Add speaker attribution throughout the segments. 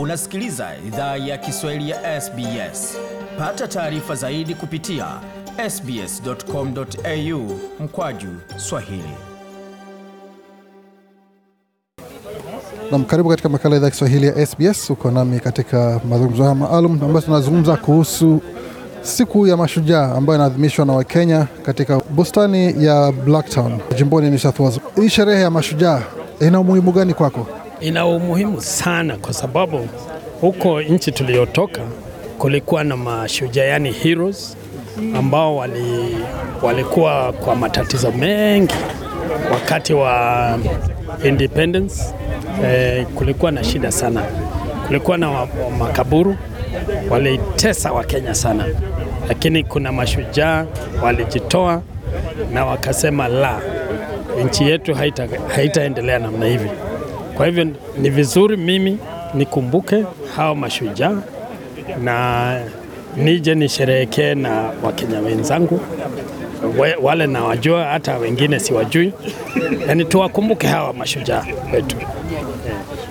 Speaker 1: Unasikiliza idhaa ya Kiswahili ya SBS. Pata taarifa zaidi kupitia sbs.com.au mkwaju swahili.
Speaker 2: Nam, karibu katika makala idhaa ya Kiswahili ya SBS. Uko nami katika mazungumzo haya maalum ambayo tunazungumza kuhusu siku ya mashujaa ambayo inaadhimishwa na Wakenya katika bustani ya Blacktown jimboni New South Wales. Hii sherehe ya mashujaa ina umuhimu gani kwako?
Speaker 1: ina umuhimu sana kwa sababu huko nchi tuliyotoka kulikuwa na mashujaa yani heroes ambao wali, walikuwa kwa matatizo mengi wakati wa independence. Eh, kulikuwa na shida sana, kulikuwa na wa, wa makaburu walitesa Wakenya sana, lakini kuna mashujaa walijitoa na wakasema la, nchi yetu haitaendelea haita namna hivi. Kwa hivyo ni vizuri mimi nikumbuke hao mashujaa na nije nisherehekee na Wakenya wenzangu wale nawajua, hata wengine siwajui, yaani tuwakumbuke hawa mashujaa wetu.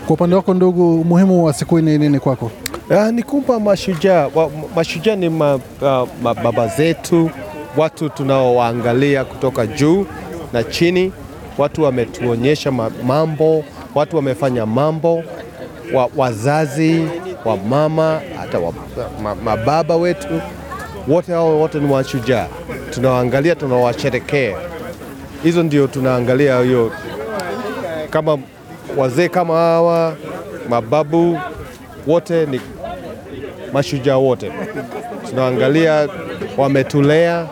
Speaker 2: Kwa upande wako ndugu, umuhimu wa siku hii ni nini kwako? Ah, ni kumpa mashujaa. Mashujaa ni ma, ah, ma, mababa zetu, watu tunaowaangalia kutoka juu na chini, watu wametuonyesha mambo watu wamefanya mambo wa, wazazi wa mama hata wa, ma, mababa wetu wote hao wote ni washujaa, tunawaangalia tunawasherekea. Hizo ndio tunaangalia hiyo, kama wazee kama hawa mababu wote ni mashujaa, wote tunaangalia, wametulea,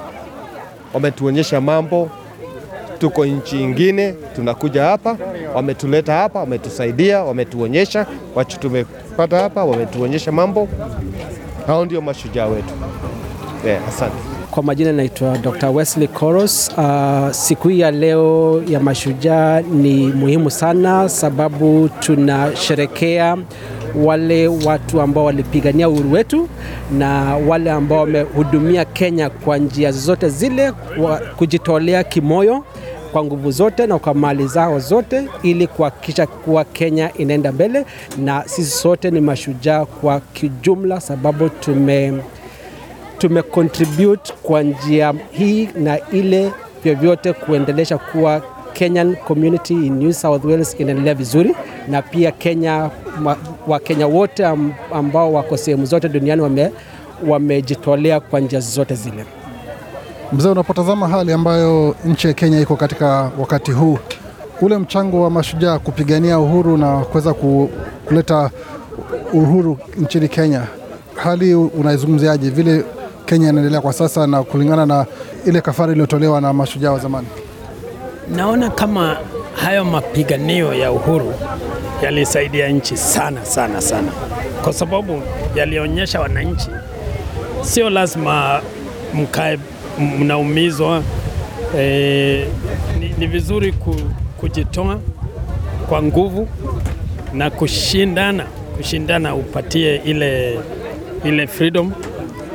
Speaker 2: wametuonyesha mambo tuko nchi ingine, tunakuja hapa, wametuleta hapa, wametusaidia, wametuonyesha wacho tumepata hapa, wametuonyesha mambo. Hao ndio mashujaa wetu. Yeah, asante.
Speaker 1: Kwa majina naitwa Dr. Wesley Koros. Uh, siku hii ya leo ya mashujaa ni muhimu sana, sababu tunasherekea wale watu ambao walipigania uhuru wetu na wale ambao wamehudumia Kenya kwa njia zote zile, kujitolea kimoyo kwa nguvu zote na kwa mali zao zote, ili kuhakikisha kuwa Kenya inaenda mbele, na sisi sote ni mashujaa kwa kijumla, sababu tume contribute kwa njia hii na ile vyovyote kuendelesha kuwa Kenyan community in New South Wales inaendelea vizuri, na pia Kenya Wakenya wote ambao wako sehemu zote duniani wamejitolea wame kwa njia zote zile.
Speaker 2: Mzee, unapotazama hali ambayo nchi ya Kenya iko katika wakati huu, ule mchango wa mashujaa kupigania uhuru na kuweza kuleta uhuru nchini Kenya, hali unaizungumziaje vile Kenya inaendelea kwa sasa na kulingana na ile kafara iliyotolewa na mashujaa wa zamani?
Speaker 1: Naona kama hayo mapiganio ya uhuru yalisaidia nchi sana sana sana, kwa sababu yalionyesha wananchi sio lazima mkae mnaumizwa e, ni, ni vizuri ku, kujitoa kwa nguvu na kushindana, kushindana upatie ile, ile freedom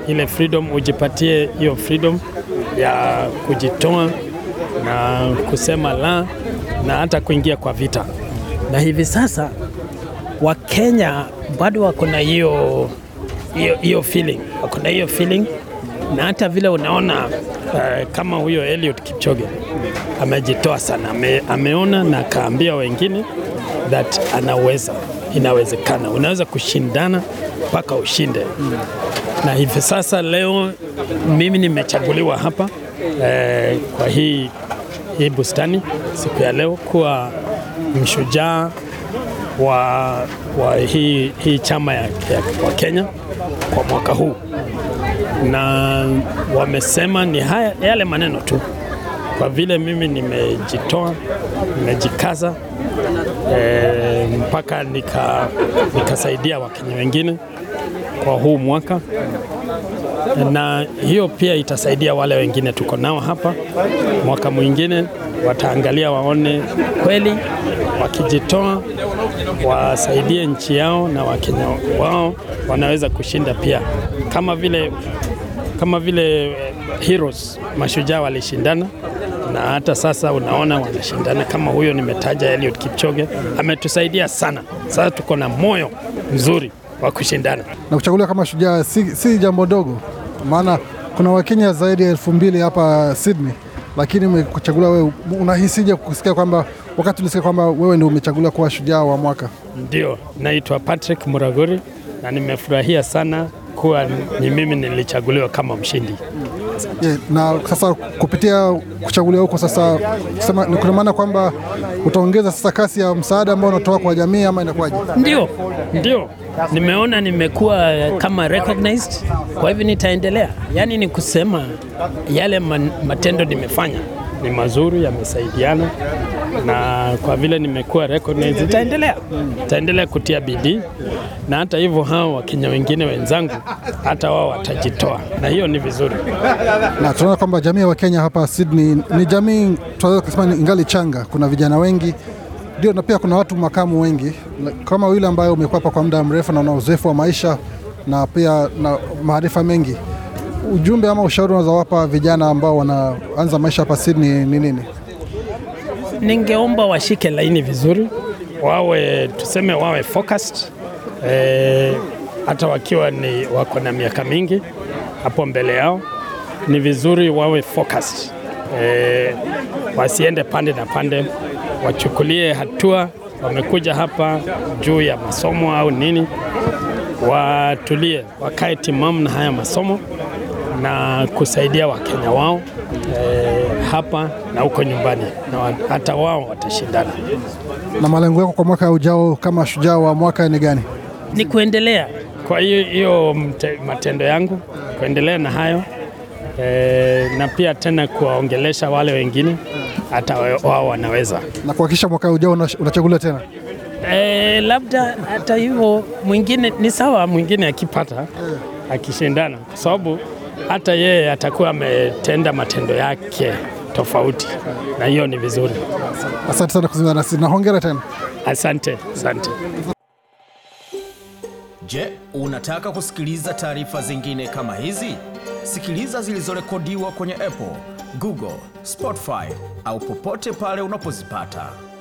Speaker 1: ile freedom ujipatie hiyo freedom ya kujitoa na kusema la na hata kuingia kwa vita. Na hivi sasa Wakenya bado wako na hiyo hiyo feeling, wako na hiyo feeling na hata vile unaona uh, kama huyo Eliud Kipchoge amejitoa sana, ame, ameona na akaambia wengine that anaweza, inawezekana, unaweza kushindana mpaka ushinde mm. Na hivi sasa leo mimi nimechaguliwa hapa eh, kwa hii, hii bustani siku ya leo kuwa mshujaa wa, wa hii, hii chama ya, ya, wa Kenya kwa mwaka huu na wamesema ni haya yale maneno tu. Kwa vile mimi nimejitoa, nimejikaza e, mpaka nika, nikasaidia Wakenya wengine kwa huu mwaka, na hiyo pia itasaidia wale wengine tuko nao hapa. Mwaka mwingine wataangalia waone kweli, wakijitoa wasaidie nchi yao na Wakenya wao wanaweza kushinda pia, kama vile kama vile eh, heroes mashujaa walishindana na hata sasa unaona wanashindana. Kama huyo nimetaja Eliud Kipchoge ametusaidia sana. Sasa tuko na moyo mzuri wa kushindana na kuchaguliwa kama shujaa si,
Speaker 2: si jambo dogo, maana kuna Wakenya zaidi ya elfu mbili hapa Sydney, lakini umekuchaguliwa wewe, unahisije kusikia kwamba wakati ulisikia kwamba wewe ndio umechaguliwa kuwa shujaa wa
Speaker 1: mwaka? Ndio, naitwa Patrick Muraguri na nimefurahia sana kuwa ni mimi nilichaguliwa kama mshindi.
Speaker 2: Yeah, na sasa kupitia kuchaguliwa huko sasa, sema kuna maana kwamba utaongeza sasa kasi ya msaada ambao unatoa kwa
Speaker 1: jamii ama inakuwaje? Ndio, ndio nimeona nimekuwa kama recognized, kwa hivyo nitaendelea. Yaani ni kusema yale man, matendo nimefanya ni mazuri, yamesaidiana na kwa vile nimekuwa recognized, itaendelea itaendelea kutia bidii, na hata hivyo hao wakenya wengine wenzangu hata wao watajitoa, na hiyo ni vizuri. Na tunaona kwamba
Speaker 2: jamii ya Wakenya hapa Sydney ni jamii tunaweza kusema ingali changa, kuna vijana wengi ndio, na pia kuna watu makamu wengi kama yule ambaye umekuwa hapa kwa muda mrefu na una uzoefu wa maisha na pia na maarifa mengi. Ujumbe ama ushauri unaweza wapa vijana ambao wanaanza maisha hapa Sydney
Speaker 1: ni nini? Ningeomba washike laini vizuri, wawe tuseme, wawe focused e, hata wakiwa ni wako na miaka mingi hapo mbele yao, ni vizuri wawe focused e, wasiende pande na pande, wachukulie hatua. Wamekuja hapa juu ya masomo au nini, watulie, wakae timamu na haya masomo na kusaidia Wakenya wao e, hapa na huko nyumbani na hata wao watashindana. Na malengo yako kwa mwaka
Speaker 2: ujao kama shujaa wa mwaka ni gani?
Speaker 1: Ni kuendelea kwa hiyo hiyo matendo yangu kuendelea na hayo e, na pia tena kuwaongelesha wale wengine hata wao wanaweza
Speaker 2: na kuhakikisha mwaka ujao unachaguliwa tena.
Speaker 1: E, labda hata hivyo mwingine ni sawa, mwingine akipata akishindana, kwa sababu hata yeye atakuwa ametenda matendo yake tofauti, na hiyo ni vizuri. Asante sana kuzungumza nasi na hongera tena. Asante, asante. Je, unataka kusikiliza taarifa zingine kama hizi? Sikiliza zilizorekodiwa kwenye Apple, Google, Spotify au popote pale unapozipata.